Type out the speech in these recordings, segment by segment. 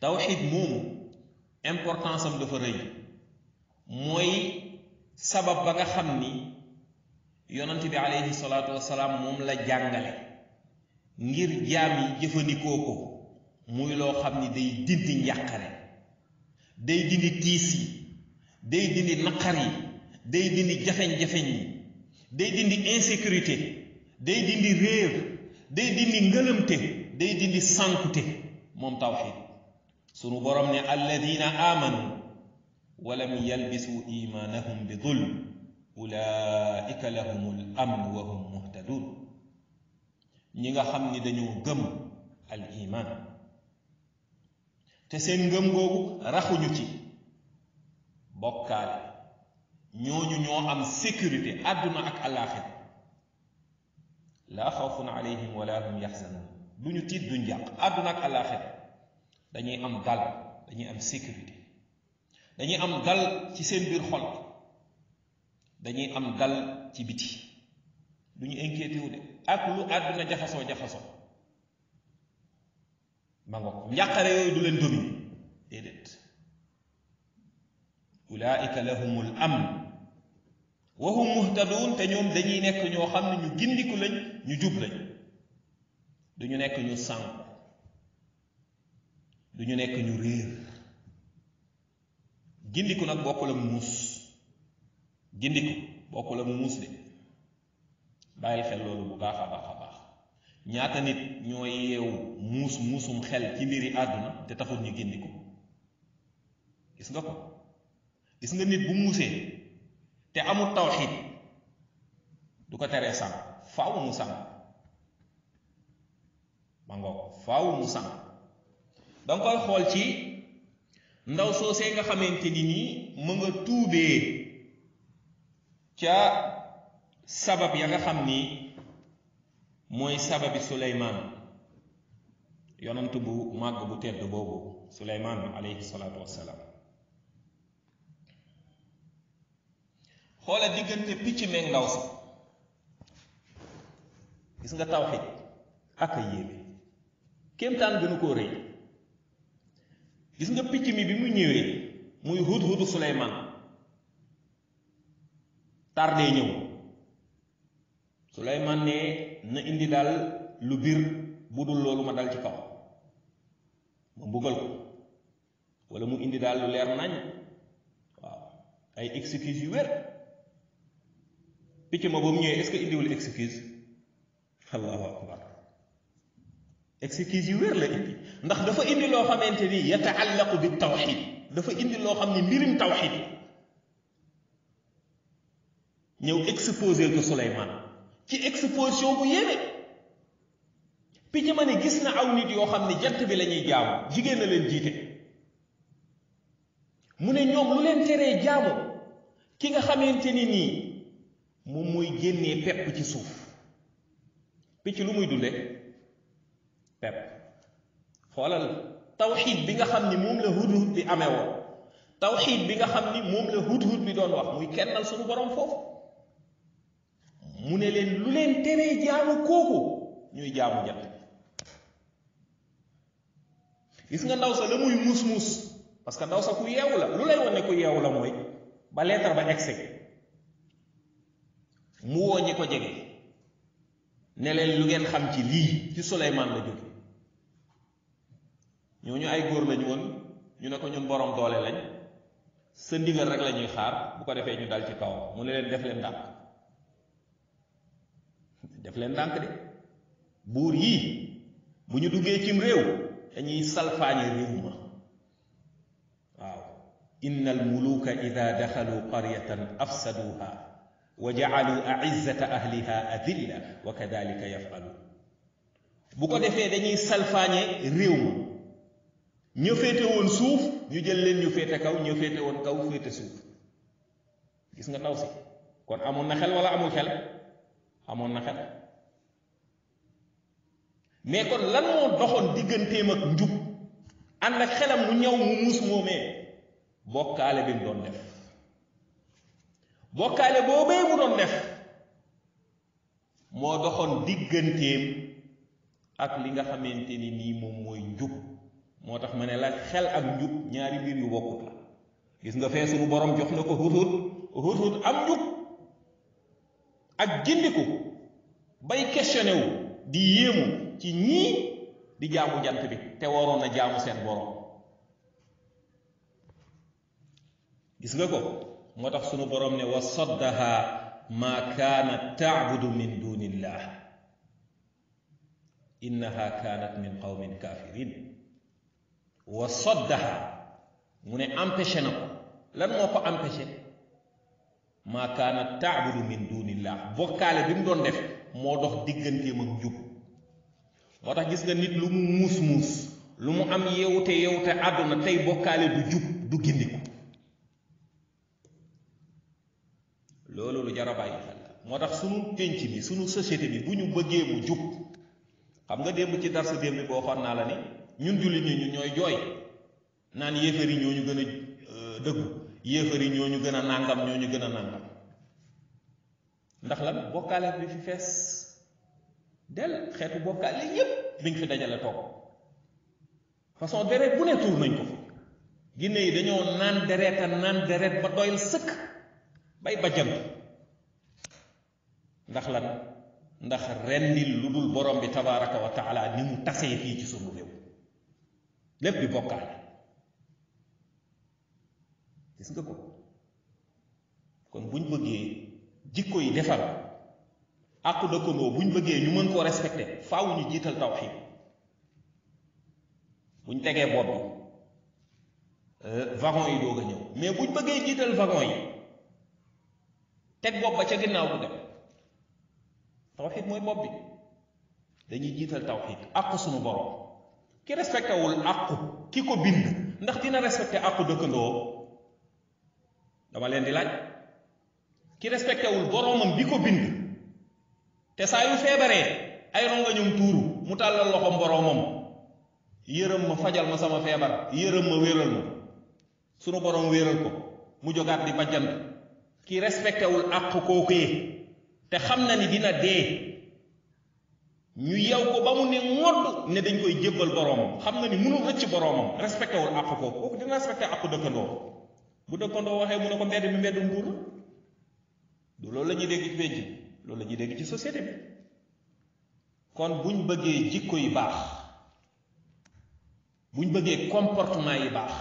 tawxid moomu importance am dafa rëy mooy sabab ba nga xam ni yonent bi aleyhi salaatu wasalaam moom la jàngale ngir jaam jëfandikoo ko muy loo xam ni day dindi njàqare day dindi tiis yi day dindi naqar yi day dindi jafeñ-jafeñ yi day dindi insécurité day dindi réer day dindi ngëlëmte day dindi sànkute moom tawxid sunu borom ne alladina amanu walam yalbisu imanahum bi zulm ulaika lahumul amn wa hum muhtadun ñi nga xam ni dañoo gëm al iman te seen ngëm googu raxuñu ci bokkaale ñooñu ñoo am sécurité àdduna ak alaxir laa xawfun alayhim wala hum yaxsanun duñu tiit duñ jàq àdduna ak alaxir dañuy am dal dañuy am sécurité dañuy am dal ci seen biir xol dañuy am dal ci biti duñu inquiété wu de ak lu àdduna jaxasoo jaxasoo ma nga ko njàqare yooyu du leen domi déedéet ulaika lahumul am wa hum muhtadun te ñoom dañuy nekk ñoo xam ne ñu gindiku lañ ñu jub lañ duñu nekk ñu sànku du ñu nekk ñu réer gindiku nag bokkul ak muus gindiku bokkul ak muus de bàyyil xel loolu bu baax a baax a baax ñaata nit ñoo yeewu muus muusum xel ci mbiri àdduna te taxul ñu gindiku gis nga ko gis nga nit bu muusee te amul tawxiid du ko teree sànq faaw mu sànq ma ngoog faaw da koy xool ci ndaw soosee nga xamante ni nii mu nga tuubee ca sabab ya nga xam ni mooy sababi suleymaan yonant bu màgg bu tedd boobu suleymaan aleyhi salaatu wassalaam xoola diggante picc meeg ndaw si gis nga tawxid ak a yéeme kéemtaan gënu koo rëy gis nga picc mi bi mu ñëwee muy hudhudu suleyman tardee ñëw suleyman ne na indi daal lu biir bu dul loolu ma dal ci kaw ma mbugal ko walla mu indi daal lu leer nañ waaw ay excuse yu wér picc ma ba mu ñëwee est-ce que indiwul excuse allahu akbar excuse wér la indi ndax dafa indi loo xamante ni yataallaqu bi tawxid dafa indi loo xam ni mbirim tawxid ñëw exposé ko Souleymane ci exposition bu yéeme picc ma ne gis na aw nit yoo xam ne jant bi la ñuy jaamu jigéen na leen jiite mu ne ñoom lu leen teree jaamu ki nga xamante ni nii moom mooy génnee pepp ci suuf picc lu muy dundee pepp xoolal tawxiid bi nga xam ni moom la hudhud bi amee woon tawxiid bi nga xam ni moom la hudhud bi doon wax muy kennal suñu borom foofu mu ne leen lu leen teree jaamu kooku ñuy jaamu jant gis nga ndaw sa la muy muus muus parce que ndaw sa ku yeewu la lu lay wan ne ku yeewu la mooy ba leetar ba egsi mu woo ñi ko jege ne leen lu ngeen xam ci lii ci Suleymaan la jóge ñooñu ay góor lañu woon ñu ne ko ñun borom doole lañ sa ndigal rek la ñuy xaar bu ko defee ñu dal ci kaw mu ne leen def leen ndànk def leen ndànk de buur yii bu ñu duggee cim réew dañuy salfaañe réew ma waaw إن الملوك إذا دخلوا قرية أفسدوها وجعلوا أعزة أهلها أذلة وكذلك يفعلون بوكو yafalu bu سالفاني ريوم ñu féete woon suuf ñu jël leen ñu féete kaw ñu féete woon kaw féete suuf gis nga ndaw si kon amoon na xel walla amul xel amoon na xel mais kon lan moo doxoon digganteem ak njub ànd ak xelam mu ñaw mu muus moo doxoon digganteem ak li nga xamante ni nii moom mooy njub motax mané la xel ak njub ñaari bir yu bokkut gis nga fee suñu borom jox nako ko hudhud am njub ak gindiku bay questioné wu di yému ci ñi di jaamu jant bi te waroon na jaamu seen borom gis nga ko motax sunu borom ne wasaddaha ma kaanat ta'budu min dunillah innaha kanat min qawmin kafirin wa saddaha mu ne empeche na ko lan moo ko empêché maa kaana taabudu min dunillah bokkaale bi mu doon def moo dox digganteem ak jub moo tax gis nga nit lu mu muus muus lu mu am yeewute yeewute àdduna tey bokkaale du jub du gindiku loolu lu jar moo tax sunu pénc bi sunu société bi bu ñu bëggee mu jub xam nga démb ci darsa démb bi boo xoon naa la ne ñun jullit ñi ñun ñooy jooy naan yéefar yi ñooñu gën a dëggu yéefar yi ñooñu gën a nàngam ñooñu gën a nàngam ndax lan bokkaale bi fi fees del xeetu bokkaale yépp biñ fi dajale toog façon deret bu ne tour nañ ko ginne yi dañoo naan deret a naan deret ba doyal sëkk bay bajjant ndax lan ndax rendil lu dul borom bi tabaraka wa taala ni mu tasee fii ci sunu réew lépp di bokkaale gis nga ko kon buñ bëggee jikko yi defar àqu dëkkandoo buñ bëggee ñu mën koo respecté faaw ñu jiital tawxiid buñ tegee bopp bi euh, wagon yi doog a ñëw mais buñ bëggee jiital wagon yi teg bopp ba ca ginnaaw du dem tawxiid mooy bopp bi dañuy jiital tawxiid àqu suñu borom. ki respecté wul àqu ki ko bind ndax dina respecté àqu dëkkandoo dama leen di laaj ki respecté wul boromam bi ko bind te saa yu feebaree ay ñum tuuru mu tàllal loxom boromam yërëm ma fajal ma sama feebar yërëm ma wéral ma sunu borom wéral ko mu jogaat di bajjant ki respecté wul àq kookee te xam na ni dina dee ñu yow ko ba mu ne ngodd ne dañ koy jëbbal boroomam xam na ni mënul rëcc boroomam respecté wul àpp ko kooku dina respecté àpp dëkkandoo bu dëkkandoo waxee mu ne ko mbedd mi mbeddu nguur du loolu la ñuy dégg ci penc loolu la ñuy dégg ci société bi kon buñ bëggee jikko yi baax buñ bëggee comportement yi baax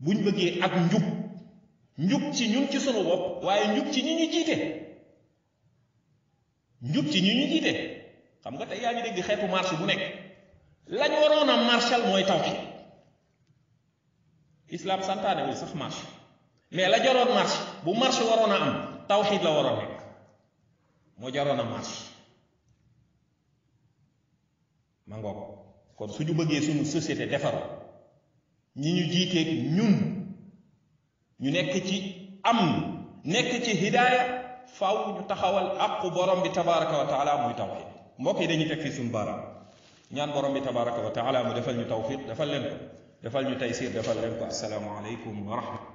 buñ bëggee ak njub njub ci ñun ci sunu bopp waaye njub ci ñu ñu jiite njub ci ñi ñu jiite xam nga tey yaa ngi dégg xeetu marche bu nekk lañ waroon a marchal mooy tawxiid islam santaane sax marche mais la jaroon marche bu marche waroon a am tawxiid la waroon nekk moo jaroon a marche ma ngoog kon suñu bëggee suñu société defaru ñi ñu jiiteeg ñun ñu nekk ci am nekk ci hidaaya faaw ñu taxawal àqu borom bi tabaraka wa taala muy tawxid mbokk yi dañuy teg fii suñu baaraam ñaan borom bi tabaraka wa taala mu defal ñu tawfiq defal leen defal ñu taysir defal leen ko asalaamu aleykum wa